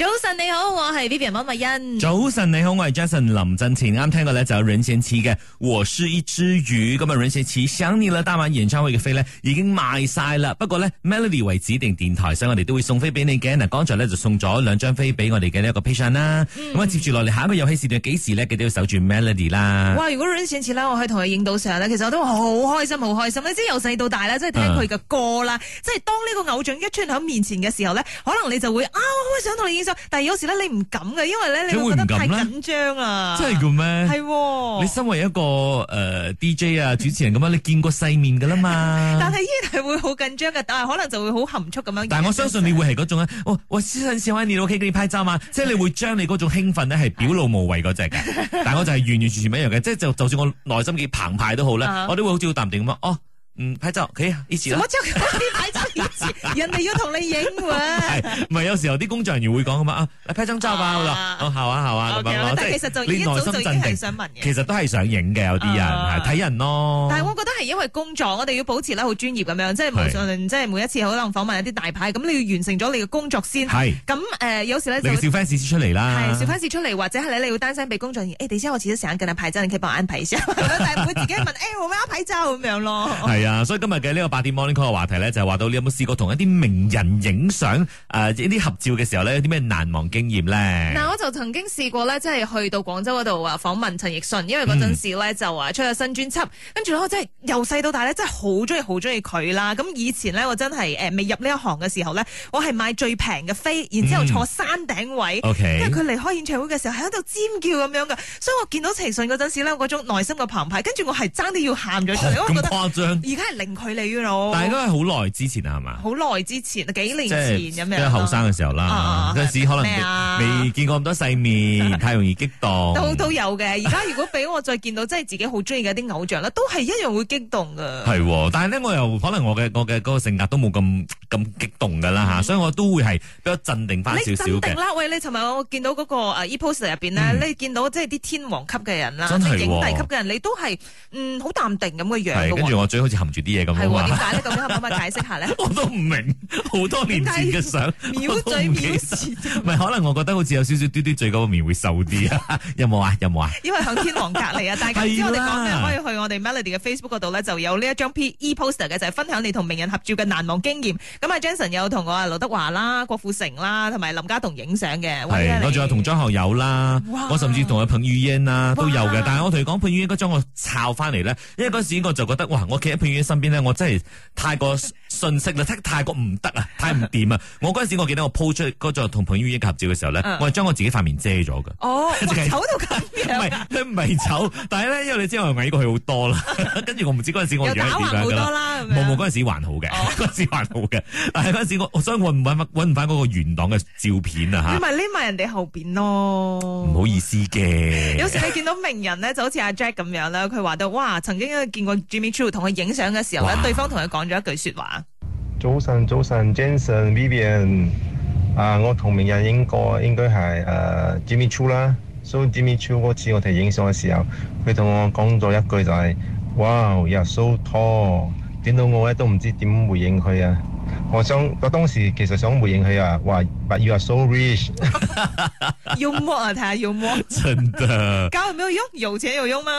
早晨你好，我係 Vivian 溫蜜欣。早晨你好，我係 Jason 林振前。啱聽過咧就任賢齊嘅《我是一隻魚》，咁啊任賢齊想你啦，當晚演唱會嘅飛咧已經賣晒啦。不過咧 Melody 為指定電台，所以我哋都會送飛俾你嘅。嗱剛才咧就送咗兩張飛俾我哋嘅呢一個 patron 啦。咁啊、嗯、接住落嚟下一個遊戲時段幾時咧？記得要守住 Melody 啦。哇！如果任賢齊啦，我可以同佢影到相咧，其實我都好開心，好開心咧。即由細到大咧，即、就、係、是、聽佢嘅歌啦，即係、嗯、當呢個偶像一出現喺面前嘅時候咧，可能你就會啊，好想同你影。但係有時咧，你唔敢嘅，因為咧你會覺得太緊張啊！真係咁咩？係，對哦、你身為一個誒、呃、DJ 啊主持人咁樣，你見過世面噶啦嘛？ 但係依然係會好緊張嘅，但係可能就會好含蓄咁樣。但係我相信你會係嗰種啊、 哦！我我試下試下你 OK，你拍照嘛？ 即係你會將你嗰種興奮咧係表露無遺嗰隻。 但我就係完完全全唔一樣嘅，即係就、就算我內心幾澎湃都好啦、uh huh. 我都會好似好淡定咁啊！哦，嗯，拍照可以啊，一起啦。 人哋要同你影喎，係唔係有時候啲工作人員會講嘅嘛？啊？你拍張照吧？好啦，好啊好啊咁樣咯。但其實就已經早就已經係想問嘅。其實都係想影嘅有啲人，睇人咯。但係我覺得係因為工作，我哋要保持咧好專業咁樣，即係無論即係每一次可能訪問一啲大牌，咁你要完成咗你嘅工作先。咁誒有時咧，你嘅小 fans 先出嚟啦。係小 fans 出嚟，或者係你要擔心俾工作員誒？點知我遲咗時間，近排真，你可以幫我安排先。但係唔會自己問誒，我咩牌照咁樣咯。係啊，所以今日嘅呢個八點 morning call 嘅話題咧，就係話到呢。有冇試過同一啲名人影相？誒、呃、一啲合照嘅時候咧，有啲咩難忘經驗咧？嗱，我就曾經試過咧，即係去到廣州嗰度啊，訪問陳奕迅，因為嗰陣時咧、嗯、就啊出咗新專輯，跟住咧我真係由細到大咧，真係好中意，好中意佢啦。咁以前咧，我真係誒未入呢一行嘅時候咧，我係買最平嘅飛，然之後坐山頂位，嗯 okay、因為佢離開演唱會嘅時候係喺度尖叫咁樣嘅，所以我見到陳奕迅嗰陣時咧，嗰種內心嘅澎湃，跟住我係爭啲要喊咗出嚟，因為、哦、覺得而家係零距離嘅咯。但係都係好耐之前、啊係嘛？好耐之前，幾年前咁樣，即後生嘅時候啦，嗰陣時可能未見過咁多世面，太容易激動，都都有嘅。而家如果俾我再見到，即係自己好中意嘅啲偶像啦，都係一樣會激動嘅。係，但係咧，我又可能我嘅我嘅嗰個性格都冇咁咁激動噶啦吓，所以我都會係比較鎮定翻少少嘅。你鎮定啦，喂，你尋日我見到嗰個 E-post 入邊咧，你見到即係啲天王級嘅人啦，影帝級嘅人，你都係嗯好淡定咁嘅樣，跟住我嘴好似含住啲嘢咁點解咧？可唔可解釋下咧？我都唔明，好多年前嘅相，秒聚秒散，唔係可能我覺得好似有少少嘟嘟嘴嗰個面會瘦啲 啊？有冇啊？有冇啊？因為喺天王隔離啊， 但大家唔知我哋講咩，可以去我哋 Melody 嘅 Facebook 嗰度咧，就有呢一張 P.E. poster 嘅，就係、是、分享你同名人合照嘅難忘經驗。咁啊，Jason 有同我啊，劉德華啦、郭富城啦，同埋林家棟影相嘅，係我仲有同張學友啦，哇我甚至同阿彭于晏啦都有嘅。哇但係我同你講，彭于晏應該將我摷翻嚟咧，因為嗰時我就覺得哇，我企喺彭于晏身邊咧，我真係太過。 信息太太過唔得啊，太唔掂啊！我嗰陣時我記得我鋪出嗰座同彭于晏合照嘅時候呢，我係將我自己塊面遮咗㗎。哦，醜到咁樣唔係，佢唔係醜，但係呢，因為你知道我矮過佢好多啦。跟住我唔知嗰陣時我影咗點樣好多啦，冇冇嗰陣時還好嘅，嗰陣時還好嘅。但係嗰陣時我，所以我唔唔揾唔翻嗰個原檔嘅照片啊！吓，咪匿埋人哋後邊咯。唔好意思嘅。有時你見到名人呢，就好似阿 Jack 咁樣啦，佢話到哇，曾經見過 Jimmy Choo 同佢影相嘅時候，對方同佢講咗一句說話。早晨，早晨，Jason，Vivian，啊，我同名人影過，應該係誒 Jimmy Choo 啦。So Jimmy Choo 嗰次我哋影相嘅時候，佢同我講咗一句就係：哇，又 so tall，點到我咧都唔知點回應佢啊！我想我當時其實想回應佢啊，話 But you are so rich，幽默啊，睇下幽默，真㗎。搞有冇用，有錢有用嗎？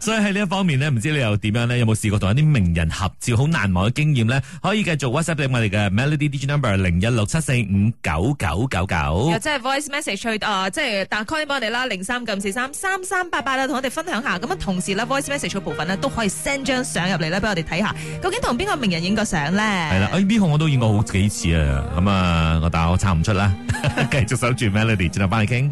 所以喺呢一方面咧，唔知你又點樣咧？有冇試過同一啲名人合照，好難忘嘅經驗咧？可以繼續 WhatsApp 俾我哋嘅 Melody Digi Number 零一六七四五九九九九，又即係 Voice Message 去啊，即係打 call 俾我哋啦，零三九四三三三八八啊，同我哋分享下。咁啊，同時咧 Voice Message 嘅部分咧，都可以 send 張相入嚟咧，俾我哋睇下，究竟同邊個名人影個相咧？係啦。呢行我都演過好幾次啊，咁啊，我但係我唱唔出啦，繼續守住 Melody，再嚟翻去傾，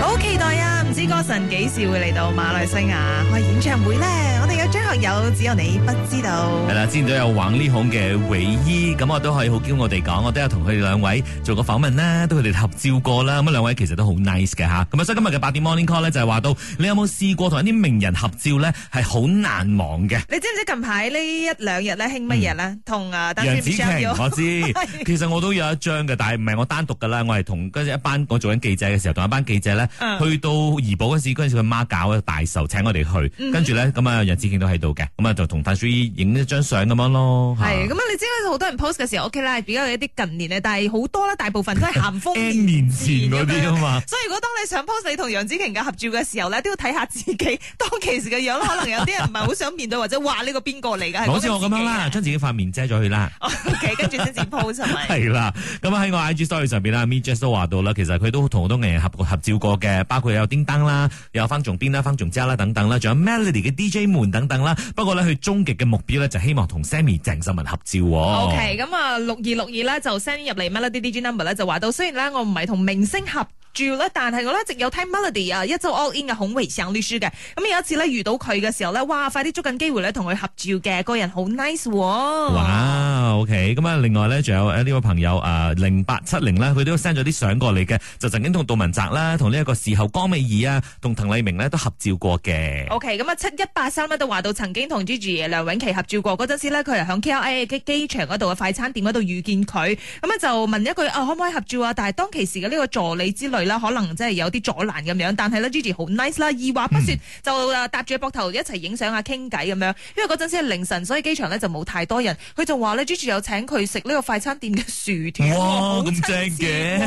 好期待啊，唔知歌神幾時會嚟到馬來西亞開演唱會咧，我哋。有，只有你不知道。係啦，之前都有玩呢行嘅衞衣，咁我都可以好驕傲我哋講，我都有同佢哋兩位做過訪問啦，都佢哋合照過啦。咁兩兩位其實都好 nice 嘅嚇。咁所以今日嘅八點 Morning Call 就係話到，你有冇試過同一啲名人合照呢？係好難忘嘅。你知唔知近排呢一兩日呢興乜嘢呢？同、嗯、啊楊紫瓊，我知。是其實我都有一張嘅，但係唔係我單獨㗎啦，我係同跟住一班我做緊記者嘅時候，同一班記者呢，嗯、去到怡寶嗰時，嗰時佢媽，媽搞大壽，請我哋去。跟住、嗯、呢，咁啊，楊紫瓊都喺度。嘅，咁啊，就同戴叔影一張相咁樣咯，係咁啊！你知啦，好多人 post 嘅時候，O、OK、K 啦，比較有一啲近年咧，但係好多啦，大部分都係咸豐年嗰啲啊嘛。所以如果當你想 post 你同楊紫瓊嘅合照嘅時候咧，都要睇下自己當其時嘅樣，可能有啲人唔係好想面對 或者話呢個邊個嚟噶？好似我咁樣啦，將自己塊面遮咗去啦。O K，跟住先至 post 係啦， 咁喺我 I G Story 上邊啦 ，Me Just 都話到啦，其實佢都同好多藝人合合照過嘅，包括有叮當啦，有方仲邊啦，方仲嘉啦等等啦，仲有 Melody 嘅 D J 們等等。不過咧佢終極嘅目標咧就希望同 Sammy 鄭秀文合照。OK，咁啊六二六二咧就 send 入嚟乜啦啲 D J number 咧就話到，雖然咧我唔係同明星合。住咧，但係我都一直有聽 Melody 啊，一周 All In 嘅孔維上呢書嘅。咁有一次咧遇到佢嘅時候咧，哇！快啲捉緊機會咧同佢合照嘅，個人好 nice 喎，哦。哇、wow，OK，咁啊，另外咧仲有呢位朋友啊，零八七零咧，佢都 send 咗啲相過嚟嘅，就曾經同杜汶澤啦，同呢一個時候江美儀啊，同滕麗名咧都合照過嘅。OK，咁啊，七一八三咧都話到曾經同 Gigi 梁詠琪合照過，嗰陣時咧佢係響 KLIA 嘅機場嗰度嘅快餐店嗰度遇見佢，咁啊就問一句可唔可以合照啊？但係當其時嘅呢個助理之類。可能真係有啲阻攔咁樣，但係咧 Gigi 好 nice 啦，二話不説、嗯、就搭住膊頭一齊影相啊，傾偈咁樣。因為嗰陣先係凌晨，所以機場呢就冇太多人。佢就話咧，Gigi 有請佢食呢個快餐店嘅薯條。哇、哦，咁正嘅，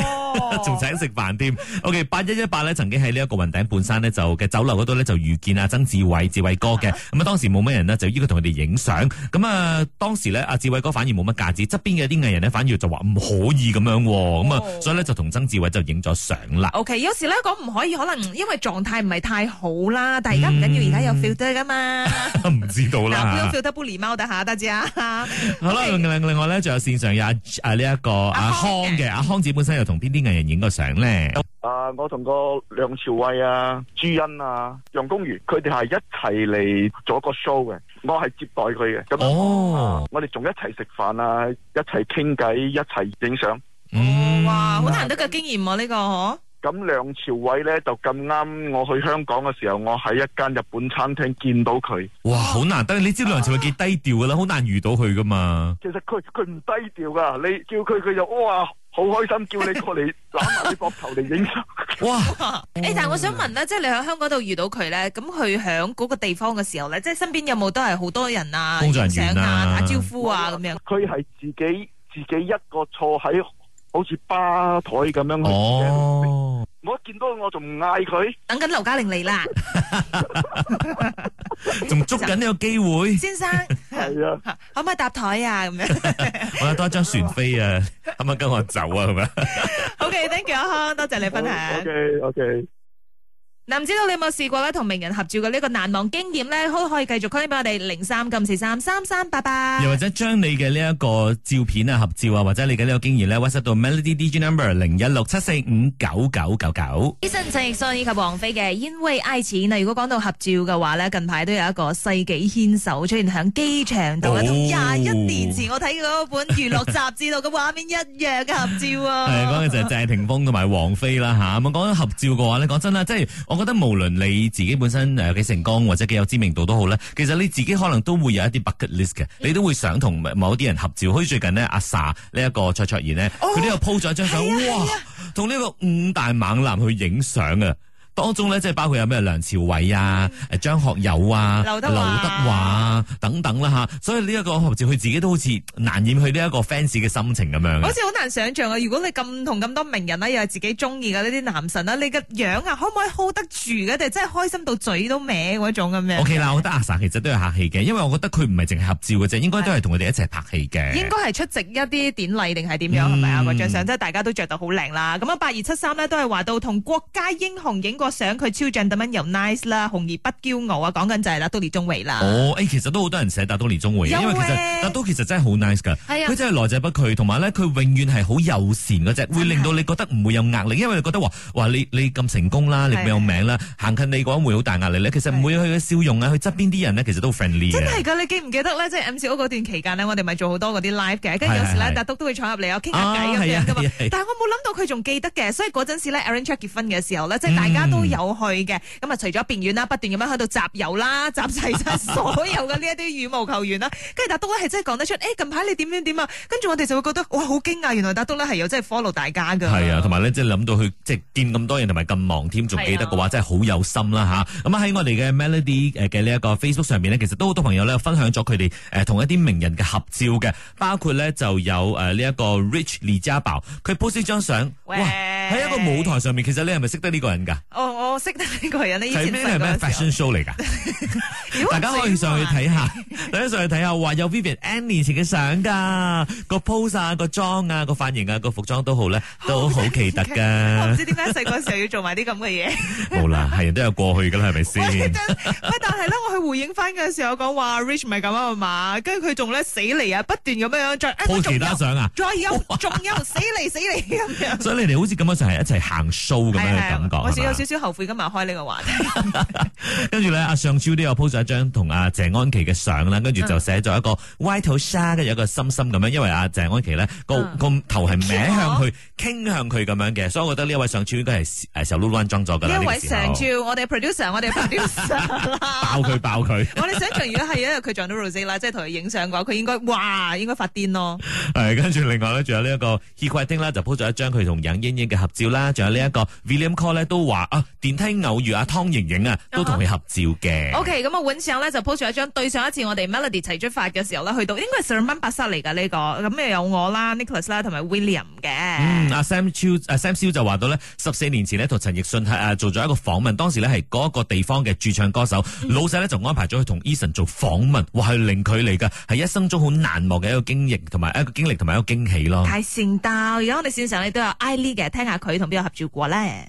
仲、哦、請食飯添。OK，八一一八呢曾經喺呢一個雲頂半山呢就嘅酒樓嗰度呢，就遇見阿曾志偉，志偉哥嘅咁啊當。當時冇乜人呢，就要求同佢哋影相。咁啊，當時呢，阿志偉哥反而冇乜架子，側邊嘅啲藝人呢，反而就話唔可以咁樣。咁啊、哦，所以呢，就同曾志偉就影咗相。O、okay, K，有時咧講唔可以，可能因為狀態唔係太好啦。但係而家唔緊要，而家、嗯、有 feel 得噶嘛。唔 知道啦。有 f e e l 得布利貓得下得字啊。好啦，另另外咧，仲有線上有啊呢一、啊這個阿康嘅，阿康子本身又同邊啲藝人影過相咧？啊，我同個梁朝偉啊、朱茵啊、楊恭如，佢哋係一齊嚟做個 show 嘅，我係接待佢嘅。咁、哦，我哋仲一齊食飯啊，一齊傾偈，一齊影相。嗯、哇，好難得嘅經驗啊！呢那、這個咁梁朝偉咧就咁啱，我去香港嘅時候，我喺一間日本餐廳見到佢，啊。哇，好難得！你知梁朝偉幾低調噶啦，好難遇到佢噶嘛。其實佢佢唔低調噶，你叫佢佢就哇好開心叫你過嚟攬下啲膊頭嚟影。 哇！誒、哎，但係我想問咧，即係你喺香港度遇到佢咧，咁佢響嗰個地方嘅時候咧，即係身邊有冇都係好多人啊，工作人員啊，啊，打招呼啊咁哇樣？佢係自己自己一個坐喺。好似吧台咁樣，哦，我見到我仲嗌佢，等緊劉嘉玲嚟啦，仲捉緊呢個機會。先生，係啊，可唔可以搭台啊？咁樣，我有多一張船飛啊，可唔可以跟我走啊？咁樣，好嘅，thank you 阿康，多謝你分享。好，ok，ok。唔知道你有冇試過咧同名人合照嘅呢個難忘經驗咧，可可以繼續區俾我哋零三九四三三三，八八，又或者將你嘅呢一個照片啊、合照啊，或者你嘅呢個經驗咧，WhatsApp 到 Melody DJ Number、no. 零一六七四五九九九九。醫生陳奕迅以及王菲嘅《因為愛情》啊，如果講到合照嘅話咧，近排都有一個世紀牽手出現喺機場度，同廿一年前我睇過嗰本娛樂雜誌度嘅畫面一樣嘅合照啊。係講嘅就係謝霆鋒同埋王菲啦嚇。咁、啊、講緊合照嘅話咧，講真啦，即、就、係、是、我。覺得無論你自己本身誒幾成功或者幾有知名度都好咧，其實你自己可能都會有一啲 bucket list 嘅，你都會想同某啲人合照。好似最近咧，阿 Sa 呢一個蔡卓妍咧，佢、oh, 都有鋪咗一張相 yeah,，哇，同呢 yeah, yeah. 個五大猛男去影相啊！當中咧，即係包括有咩梁朝偉啊、誒、嗯、張學友啊、劉德華啊等等啦、吓、所以呢一個合照，佢自己都好似難掩佢呢一個 fans 嘅心情咁樣。好似好難想象啊！如果你咁同咁多名人啦，又係自己中意嘅呢啲男神啊，你嘅樣啊，可唔可以 hold 得住嘅？定真係開心到嘴都歪嗰種咁樣？O K 啦，我覺得阿 Sir 其實都有客氣嘅，因為我覺得佢唔係淨係合照嘅啫，應該都係同佢哋一齊拍戲嘅。應該係出席一啲典禮定係點樣係咪啊？張相、嗯、即係大家都着得好靚啦。咁啊，八二七三呢，都係話到同國家英雄影過想佢超正咁樣又 nice 啦，紅而不驕傲啊！講緊就係達都李宗偉啦。哦，其實都好多人寫達都李宗偉，因為其實達都其實真係好 nice 噶，佢真係來者不拒，同埋咧佢永遠係好友善嗰隻，會令到你覺得唔會有壓力，因為覺得話話你咁成功啦，你咁有名啦，行近你嗰陣會好大壓力咧。其實唔會，佢嘅笑容啊，佢側邊啲人咧，其實都 friendly。真係㗎，你記唔記得咧？即係 MCO 嗰段期間咧，我哋咪做好多嗰啲 live 嘅，跟住有時咧達都都會闖入嚟啊傾下偈，但係我冇諗到佢仲記得嘅，所以嗰陣時咧，Aaron Chuck 結婚嘅時候咧，即係大家。都有去嘅，咁啊除咗辯院啦，不斷咁樣喺度集遊啦，集齊晒所有嘅呢一啲羽毛球員啦，跟住達督咧係真係講得出，誒、欸、近排你點點點啊，跟住我哋就會覺得哇，好驚訝，原來達督咧係有真係 follow 大家㗎。係啊，同埋呢，即係諗到去即係見咁多人同埋咁忙添，仲記得嘅話、啊、真係好有心啦吓，咁、啊、喺我哋嘅 Melody 嘅呢一個 Facebook 上面呢，其實都好多朋友咧分享咗佢哋誒同一啲名人嘅合照嘅，包括咧就有呢一、呃這個 Rich 李家寶，佢 post 張相，哇，喺一個舞台上面，其實你係咪識得呢個人㗎？我我識得呢個人咧，以前係咩 fashion show 嚟噶？大家可以上去睇下，大家上去睇下，話有 Vivian Anne 前嘅相噶，個 pose 啊，個妝啊，個髮型啊，個服裝都好咧，都好奇特噶。我唔知點解細個時候要做埋啲咁嘅嘢。冇啦，係人都有過去噶啦，係咪先？喂，但係咧，我去回應翻嘅時候，講話 Rich 唔係咁啊嘛，跟住佢仲咧死嚟啊，不斷咁樣再，仲有，仲有，死嚟死嚟咁樣。所以你哋好似咁樣就係一齊行 show 咁樣嘅感覺啊。好後悔今家擘開呢個話題，跟住咧，阿上超都有 post 咗一張同阿謝安琪嘅相啦，跟住就寫咗一個歪頭 shot 跟住有一個心心咁樣，因為阿謝安琪咧個個頭係歪向佢傾向佢咁樣嘅，所以我覺得呢一位上超應該係誒受 l 裝咗㗎啦呢一位上超，我哋 producer，我哋 producer，爆佢爆佢。我哋想象如果係因為佢撞到 Rose 啦，即係同佢影相嘅話，佢應該哇，應該發癲咯。跟住另外咧，仲有呢一個 Heather Ting 啦，就 post 咗一張佢同尹英英嘅合照啦，仲有呢一個 William Cole 咧都話。電梯偶遇阿湯盈盈啊，瑩瑩都同佢合照嘅。O K，咁啊 v i n 呢，咧、huh. okay, 就 po 咗一張對上一次我哋 Melody 齊出發嘅時候咧，去到應該係十蚊八殺嚟噶呢個，咁又有我啦，Nicholas 啦，同埋 William 嘅。嗯，阿 Sam 阿、啊、Sam 就話到呢，十四年前呢，同陳奕迅係誒做咗一個訪問，當時呢，係嗰一個地方嘅駐唱歌手，mm hmm. 老細呢，就安排咗佢同 Eason 做訪問，話係零距離噶，係一生中好難忘嘅一個經歷，同埋一個經歷，同埋一個驚喜咯。太善斗，而家我哋線上都有 i l 嘅，聽下佢同邊個合照過咧。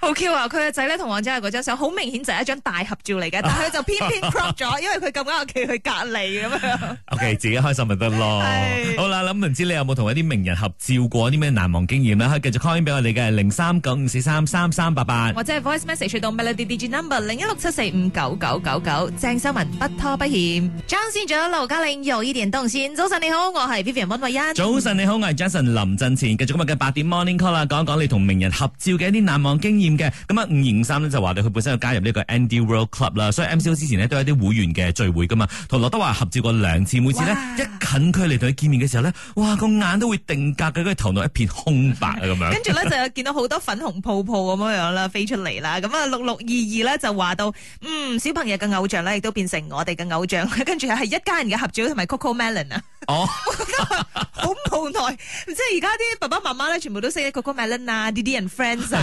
好 Q 啊！佢個仔咧同王晶係嗰張相，好明顯就係一張大合照嚟嘅，但係佢就偏偏 crop 咗，因為佢咁啱又企佢隔籬咁樣。O.K. 自己開心咪得咯。好啦，諗唔知你有冇同一啲名人合照過啲咩難忘經驗咧？可以繼續 call 俾我哋嘅零三九五四三三三八八，或者 voice message 到 melodydg number 零一六七四五九九九九。鄭秀文不拖不欠。張先長、劉嘉玲又依點動線？早晨你好，我係 Vivian 温慧欣。早晨你好，我係 Jason 林振前。繼續今日嘅八點 morning call 啦，講一講你同名人合照嘅一啲難忘。經驗嘅咁啊，五二五三咧就話佢本身要加入呢個 Andy World Club 啦所以 MCO 之前咧都有一啲會員嘅聚會噶嘛，同劉德華合照過兩次，每次咧一近距離同佢見面嘅時候咧，哇個眼都會定格嘅，跟住頭腦一片空白啊咁樣。跟住咧就見到好多粉紅泡泡咁樣啦飛出嚟啦，咁啊六六二二咧就話到，嗯小朋友嘅偶像咧亦都變成我哋嘅偶像，跟住係一家人嘅合照同埋 Coco Melon 啊。哦，好無奈，即係而家啲爸爸媽媽咧全部都識 Coco Melon 啊、Didi and Friends 啊。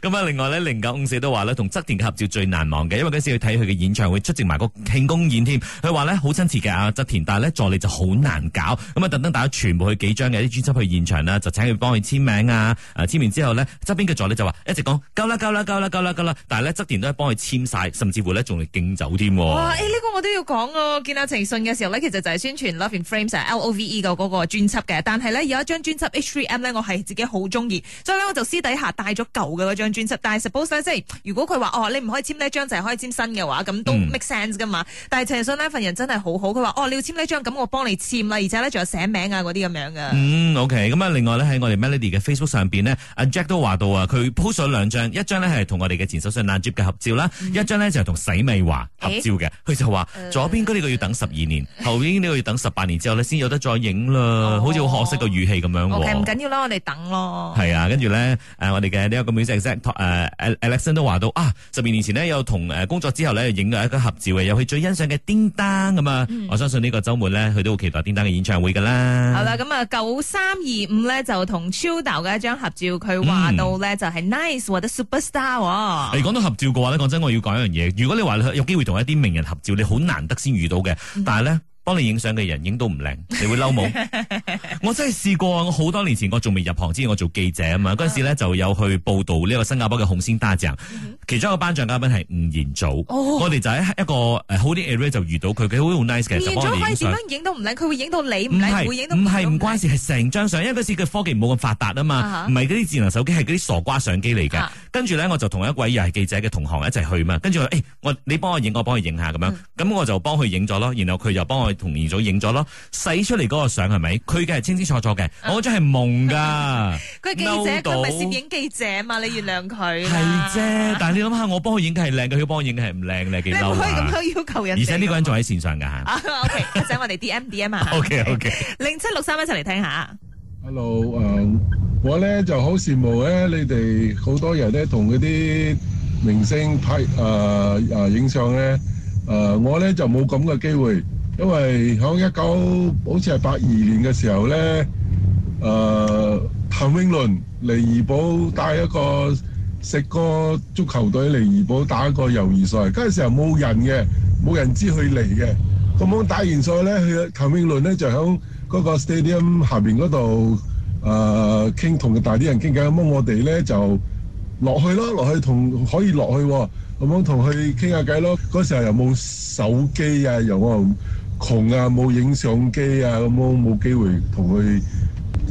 咁啊， 另外咧，零九五四都話咧，同側田嘅合照最難忘嘅，因為嗰時去睇佢嘅演唱會，出席埋個慶功宴添。佢話咧好親切嘅啊，側田，但係咧助理就好難搞。咁啊，特登大家全部去幾張嘅啲專輯去現場啦，就請佢幫佢簽名啊。啊，簽完之後呢，側邊嘅助理就話一直講夠啦，夠啦，夠啦，夠啦，啦，但係咧側田都係幫佢簽晒，甚至乎咧仲嚟敬酒添。哇，呢、欸這個我都要講哦、啊，見到陳奕迅嘅時候咧，其實就係宣傳《Love in Frames》L O V E 嘅嗰個專輯嘅，但係咧有一張專輯《H3M》咧，我係自己好中意，所以我就私底下帶咗舊。嘅嗰張專輯，但係實補曬，即係如果佢話哦，你唔可以簽呢張，就係、是、可以簽新嘅話，咁都 make sense 噶嘛。嗯、但係陳奕迅呢份人真係好好，佢話哦，你要簽呢張，咁我幫你簽啦，而且咧仲有寫名啊嗰啲咁樣嘅。嗯，OK，咁另外咧喺我哋 Melody 嘅 Facebook 上邊咧，Jack 都話到啊，佢 post 咗兩張，一張呢係同我哋嘅前首相 Najib 嘅合照啦，嗯、一張呢就係同洗米華合照嘅。佢、欸、就話左邊呢個要等十二年，嗯、後邊呢個要等十八年之後咧先有得再影啦，哦、好似好學識嘅語氣咁樣、啊。OK，唔緊要咯，我哋等咯。係啊，跟住呢，我哋嘅呢個 Alex，Alexon 都話到啊，十二年前呢，有同誒工作之後咧影咗一張合照嘅，有佢最欣賞嘅叮當咁啊！嗯、我相信呢個週末咧，佢都好期待叮當嘅演唱會㗎啦。好啦，咁啊九三二五咧就同 Chow Dao 嘅一張合照，佢話到咧、嗯、就係 nice 或者 superstar、啊。你講到合照嘅話咧，講真我要講一樣嘢，如果你話有機會同一啲名人合照，你好難得先遇到嘅，嗯、但係咧，幫你影相嘅人影都唔靚，你會嬲冇？我真係試過，好多年前我仲未入行之前，我做記者啊嘛。嗰陣時咧就有去報道呢個新加坡嘅紅星大獎。其中一個頒獎嘉賓係吳彥祖。我哋就喺一個 holding area 就遇到佢，佢好 nice 嘅。彥祖可以點樣影都唔靚？佢會影到你唔靚，會影到唔靚？唔係唔關事，係成張相，因為嗰時佢科技冇咁發達啊嘛，唔係嗰啲智能手機係嗰啲傻瓜相機嚟嘅。跟住咧，我就同一位又係記者嘅同行一齊去嘛。跟住我，誒，我你幫我影，我幫佢影下咁樣。咁我就幫佢影咗咯，然後佢就幫我。同二組影咗咯，洗出嚟嗰個相係咪？佢嘅係清清楚楚嘅，啊、我張係蒙噶。佢 記者佢咪攝影記者啊嘛？你原諒佢係啫。但係你諗下，我幫佢影嘅係靚嘅，佢幫我影嘅係唔靚嘅，你唔可以咁樣要求人。而且呢個人仲喺線上噶吓。O K，請我哋 D M D 啊嘛。O K，O K，零七六三一齊嚟聽下。Hello，誒、uh,，我咧就好羨慕咧，你哋好多人都同嗰啲明星拍誒誒影相咧。誒、uh, 啊，uh, 我咧就冇咁嘅機會。因為響一九，好似係八二年嘅時候咧，誒、呃，譚詠麟嚟怡保帶一個食過足球隊嚟怡保打一個友誼賽，嗰陣時,、呃、時候冇人嘅，冇人知佢嚟嘅。咁樣打完賽咧，佢譚詠麟咧就響嗰個 stadium 下邊嗰度誒傾，同大啲人傾偈。咁我哋咧就落去咯，落去同可以落去，咁樣同佢傾下偈咯。嗰時候又冇手機啊，又～窮啊，冇影相機啊，咁樣冇機會同佢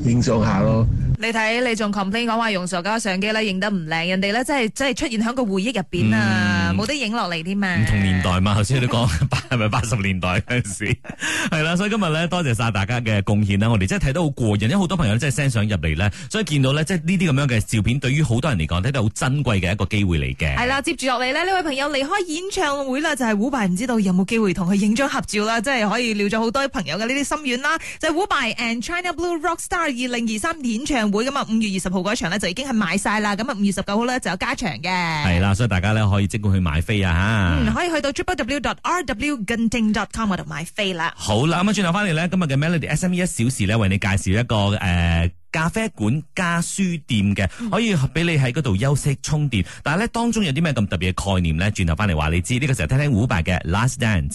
影相下咯。你睇你仲 complain 講話用傻瓜相機咧，影得唔靚，人哋咧真係真係出現喺個回憶入邊啊，冇、嗯、得影落嚟添嘛。唔同年代嘛，頭先你講八係咪八十年代嗰陣時？係啦， 所以今日咧，多謝晒大家嘅貢獻啦，我哋真係睇得好過癮，因為好多朋友真係 send 相入嚟咧，所以見到咧，即係呢啲咁樣嘅照片，對於好多人嚟講睇都好珍貴嘅一個機會嚟嘅。係啦，接住落嚟呢，呢位朋友離開演唱會啦，就係伍佰，唔知道有冇機會同佢影張合照啦？即係可以了咗好多朋友嘅呢啲心願啦。就伍、是、佰 and China Blue Rock Star 二零二三演唱。會咁啊！五月二十號嗰場咧就已經係買晒啦，咁啊五月十九號咧就有加場嘅。係啦，所以大家咧可以即管去買飛啊吓。嗯，可以去到 www.rwgenting.com 嗰度買飛啦。好啦，咁啊轉頭翻嚟咧，今日嘅 Melody SME 一小時咧為你介紹一個誒、呃、咖啡館加書店嘅，可以俾你喺嗰度休息充電。但係咧當中有啲咩咁特別嘅概念咧？轉頭翻嚟話你知。呢、這個時候聽聽伍佰嘅《Last Dance》。